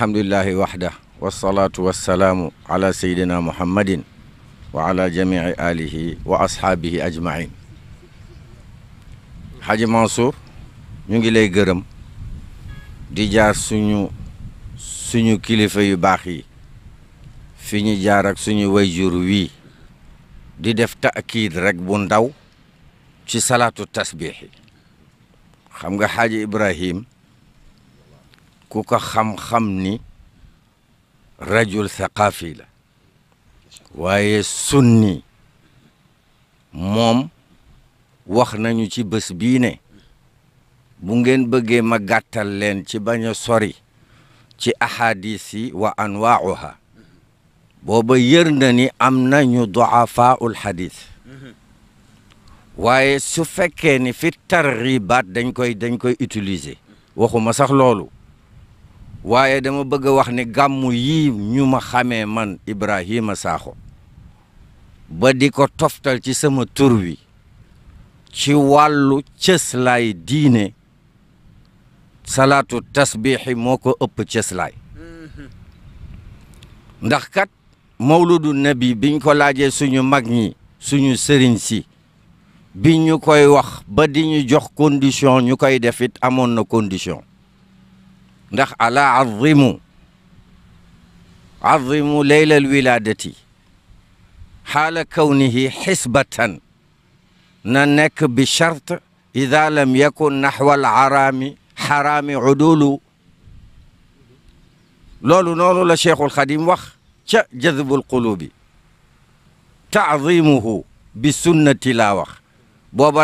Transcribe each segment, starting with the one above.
alhamdulilahi waxda wasalaatu wasalaamu ala seydina muhammadin wa ala jamici wa asxaabihi ajmain xaji Mansour ñu ngi lay gërëm di jaar suñu kilifa yu baax yi fi ñu jaar ak suñu jur wii di def taakiid rek bu ndaw ci salaatu tasbiix yi xam nga xaaji Ibrahim كوكا خم خمني رجل ثقافي لا واي سني موم واخنا نيو تي بس بي ني بو نين بوجي ما غاتال لين تي باño سوري تي احاديثي وانواعها بوبا يرناني امنا نيو ضعفاء الحديث waye su fekkeni fi targhibat dañ koy dañ koy utiliser waxuma sax lolou waaye dama bëgg a wax ni gàmmu yii ñu ma xamee man Ibrahima saaxo ba di ko toftal ci sama tur wi ci wàllu cëslaay diine salaatu tasbiixi moo ko ëpp cëslaay ndax kat mawludu nabi biñ ko laajee suñu mag ñi suñu sëriñ si bi ñu koy wax ba di ñu jox condition ñu koy def it amoon na condition ندخ على عظموا عظموا ليلة الولادة حال كونه حسبة ننك بشرط إذا لم يكن نحو العرام حرام عدول لولو نولو لشيخ الخديم وخ جذب القلوب تعظيمه بسنة لا وخ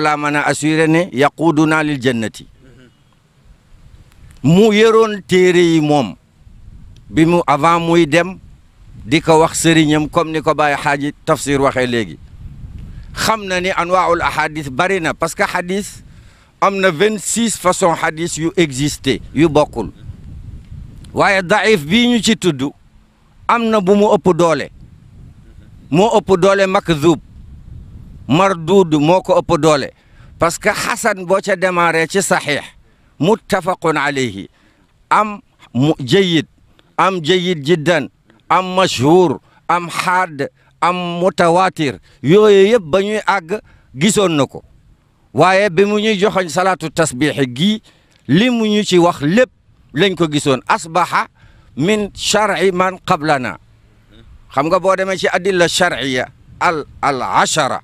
لا منا أسيرني يقودنا للجنة mu yoroon téere yi moom bi mu avant muy dem di ko wax sëriñam comme ni ko Baye Xaaji Tafsir waxee léegi xam na ni anwaa'ul ahadis bari na parce que hadis am na vingt six façon hadis yu existé yu bokkul waaye daif bii ñu ci tudd am na bu mu ëpp doole moo ëpp doole makdhub marduud moo ko ëpp doole parce que xasan boo ca démarré ci saxiix متفق عليه أم جيد أم جيد جدا أم مشهور أم حاد أم متواتر يو يب بني أج جيسون نكو وياه بمني جهان صلاة التسبيح جي لمني شيء وخ لب لينكو جيسون أصبح من شرع من قبلنا خمغا بودي ماشي ادله الشرعيه العشره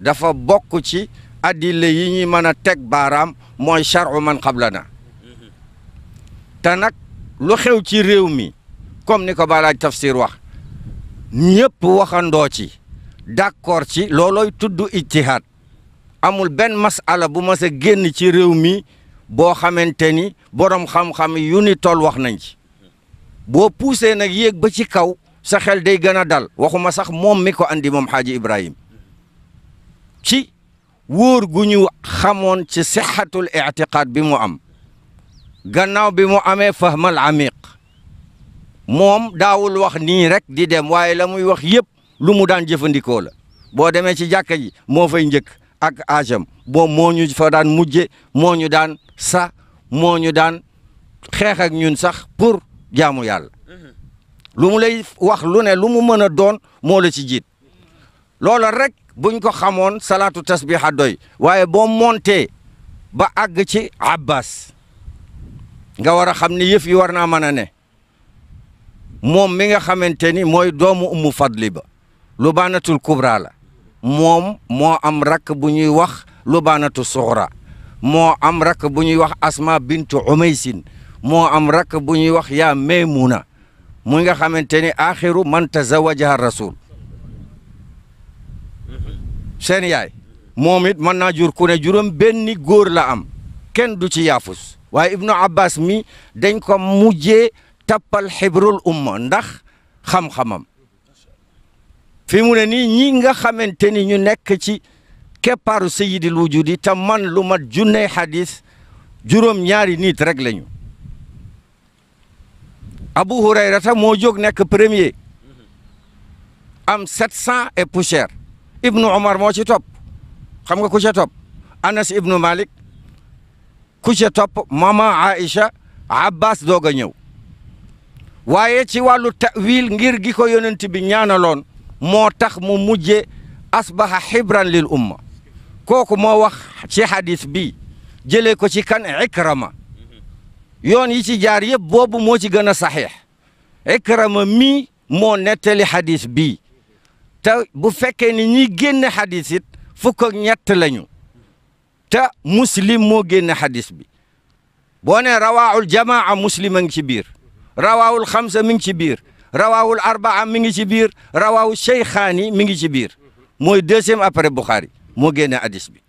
دفا بوكو شي addile yi ñuy mën a teg baaraam mooy charu man xablana te nag lu xew ci réew mi comme ni ko balaaj tafsir wax ñëpp waxandoo ci d'accord ci loolooy tudd ijtihaad amul benn masala bu mas a génn ci réew mi boo xamante ni boroom xam-xam yu ni wax nañ ci boo poussé nag yéeg ba ci kaw sa xel day gën a dal waxuma sax moom mi ko andi moom xaaji Ibrahim ci wóor gu ñu xamoon ci sixatul ictiqaad bi mu am gannaaw bi mu amee fahmal amiq moom daawul wax nii rek di dem waaye la muy wax yëpp lu mu daan jëfandikoo la boo demee ci jàkka ji moo fay njëkk ak ajam boo moo fa daan mujje mooñu daan sa moo ñu daan xeex ak ñun sax pour jaamu yàlla mm-hmm. lu mu lay wax lu ne lu mu mën a doon moo la ci jiit loola rek buñ ko xamoon salaatu tasbiha doy waaye boo montee ba àgg ci abbas nga war a xam ni yëf yi war naa mën a ne moom mi nga xamante ni mooy doomu ummu fadli ba lubaanatul kubra la moom moo am rakk bu ñuy wax lubaanatu suxra moo am rakk bu ñuy wax asma bintu umaysin moo am rakk bu ñuy wax yaa maymuna mu nga xamante ni axiru man tazawajaha rasul seen yaay moom it mën naa jur ku ne juróom benni góor la am kenn du ci yaafus waaye ibnu abbas mi dañ ko mujje tappal xibrul umma ndax xam-xamam fi mu ne nii ñi nga xamante ni ñu nekk ci keppaaru sayyidil wujudi te man lu mat junney xadis juróom ñaari nit rek lañu abu hurayrata moo jóg nekk premier am sept cent et poussière ibnu Omar moo ci topp xam nga ku ca topp Anas ibnu Malik ku ca topp mama Aïcha Abbas doog a waaye ci wàllu tawil ngir gi ko bi ñaanaloon moo tax mu mujje asbaha xibran lil umma kooku moo wax ci hadis bi jële ko ci kan Ikrama yoon yi ci jaar yëpp boobu moo ci gën a saxiix Ikrama mii moo nettali hadis bii te bu fekkee ni ñiy génne xadis it fukk ak ñett lañu te muslim moo génne xadis bi boo nee rawaawul jamaa muslim a ngi ci biir rawaawul xamsa mi ngi ci biir rawaawul arbaa mi ngi ci biir rawaawu cheykhaani mi ngi ci biir mooy deuxième après Bukhari moo génne xadis bi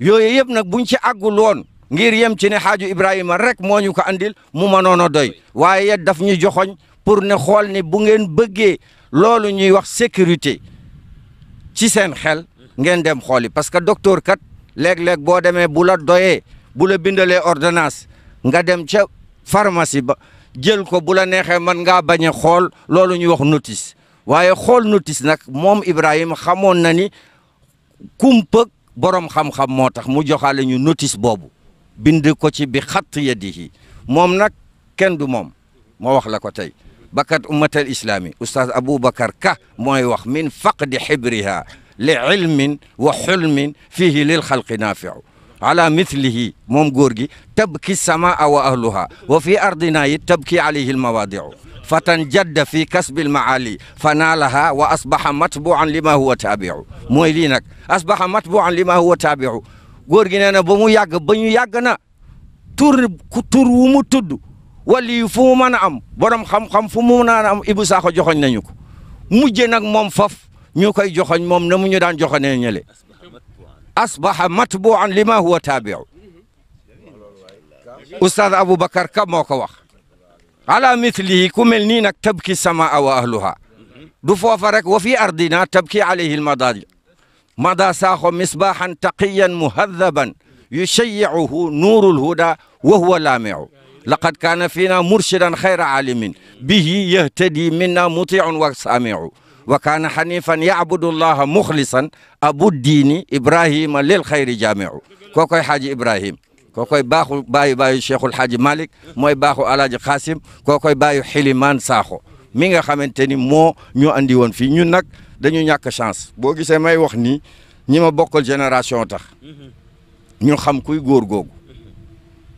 yooyu yëpp nag buñ ci àggul woon ngir yem ci ne xaaju Ibrahima rek moo ñu ko andil mu mënoon a doy waaye daf ñu joxoñ pour ne xool ne bu ngeen bëggee loolu ñuy wax sécurité ci seen xel ngeen dem xooli parce que docteur kat léeg-léeg boo demee bu la doyee bu la bindalee ordonnance nga dem ca pharmacie ba jël ko bu la neexee man ngaa bañ a xool lool ñuy wax notice waaye xool notice nag moom Ibrahima xamoon na ni kumpëg borom xam-xam moo tax mu joxaale ñu notice boobu bind ko ci bi xatt yadihi moom nag kenn du moom moo wax la ko tey بكت أمة الإسلام أستاذ أبو بكر كه موي وخ من فقد حبرها لعلم وحلم فيه للخلق نافع على مثله موم غورغي تبكي السماء وأهلها وفي أرضنا تبكي عليه المواضع فتنجد في كسب المعالي فنالها وأصبح متبوعا لما هو تابع موي لينك أصبح متبوعا لما هو تابع غورغي أنا بمو ياغ بنيو ياغنا تور تور ومو تدو wali fu mu am borom xam-xam fu mu mën am Ibou Sakho joxogn nañu ko mujjé nak mom faf ñukay joxogn mom moom na mu ñu daan joxonee ñële asbaha matbuan lima huwa ustad abou bakkar Ka moko wax ala mithlihi kumelni nak tabki samaa wa ahluha du fofa rek wa fi ardina tabki alayhi almadaji mada Sakho misbahan taqiyan muhadaban yushayyi'uhu nurul huda wa huwa laamiu لقد كان فينا مرشدا خير عالم به يهتدي منا مطيع وسامع وكان حنيفا يعبد الله مخلصا ابو الدين ابراهيم للخير جامع كوكاي حاج ابراهيم كوكاي باخو باي باي شيخ الحاج مالك موي باخو الاج قاسم كوكاي باي حليمان ساخو ميغا خامتيني مو ньо اندي وون في ñun ناك دانيو نياك chance بو غيسه ماي wax ni ñima bokkal génération tax ñu xam kuy gor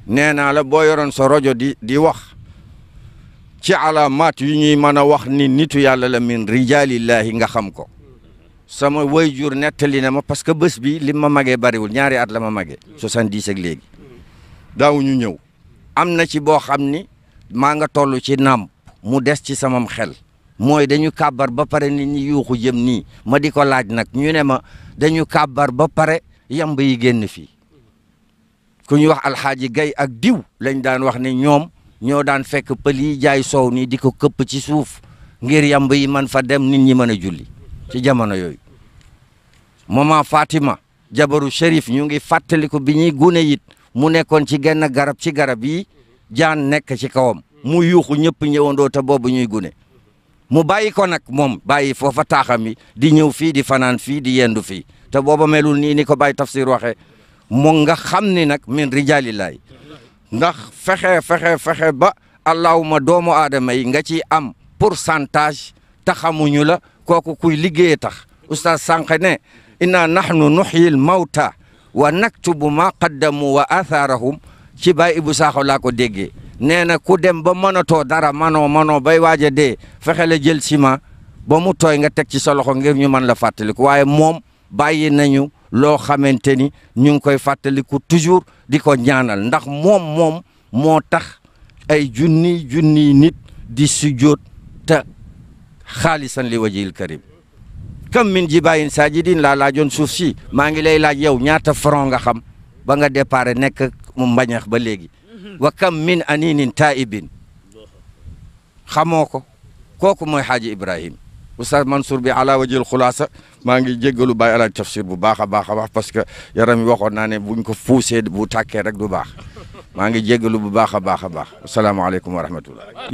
neena la bo yoron so rojo di di wax ci alamat yu ñuy mëna wax ni nitu yalla la min rijalillahi nga xam ko sama wayjur netali na ma parce que mage bi li ma bari bariwul ñaari at la ma magee 70 ak léegi daawu ñu am na ci bo xamni ma nga tollu ci nam mu dess ci samam xel moy dañu kabar ba paré ni ñi yuuxu jëm ni ma diko laaj nak ñu ne ma dañu kabar ba paré yamb yi genn fi ku ñu wax alxaaji gay ak diw lañ daan wax ni ñom ñoo daan fekk peli jaay soow ni diko kepp ci suuf ngir yamb yi man fa dem nit ñi mëna julli ci jamono yoy Fatima jabaru sharif ñu ngi fàttaliku bi ñuy gune yit mu nekkon ci genn garab ci garab yi jaan nekk ci kawam mu yuxu ñepp ñewondo ta bobu ñuy gune mu bayiko nak mom bayyi fofa foofa di ñew fi di fanan fi di yendu fi ta bobu melul ni ni ko bay tafsir waxe moom nga xam ni nag min rijaalillaay ndax fexe fexe fexe ba allahuma doomu aadama yi nga ci am pourcentage taxamuñu la kooku kuy liggéeye tax oustaz sànq ne inna nahnu nuhyil mawta wa naktubu ma qaddamu wa atharahum ci Baay bu Saaxo laa ko déggee nee na ku dem ba mënatoo dara manoo manoo bay waaja de fexe la jël ciment ba mu tooy nga teg ci sa loxo ngir ñu mën la fàttaliku waaye moom bàyyi nañu loo xamante ni ñu ngi koy fàttaliku toujours di ko ñaanal ndax moom moom moo tax ay junniy junniy nit di sujjóot te xaalisan li wajhil karim kam min jibaayin saajidin laa laajoon suuf si maa ngi lay laaj yow ñaata franc nga xam ba nga déparé nekk mu mbañax ba léegi wa kam min aninin taibin xamoo ko kooku mooy xaaji ibrahim Oustaz Mansour bi ala wajil xulaasa maa ngi jéggalu Baye Alaaji Tafsir bu baax a baax a baax parce que yaram yi waxoon naa ne buñ ko fuusee bu tàkkee rek du baax maa ngi jéggalu bu baax a baax a baax asalaamaaleykum wa rahmatullah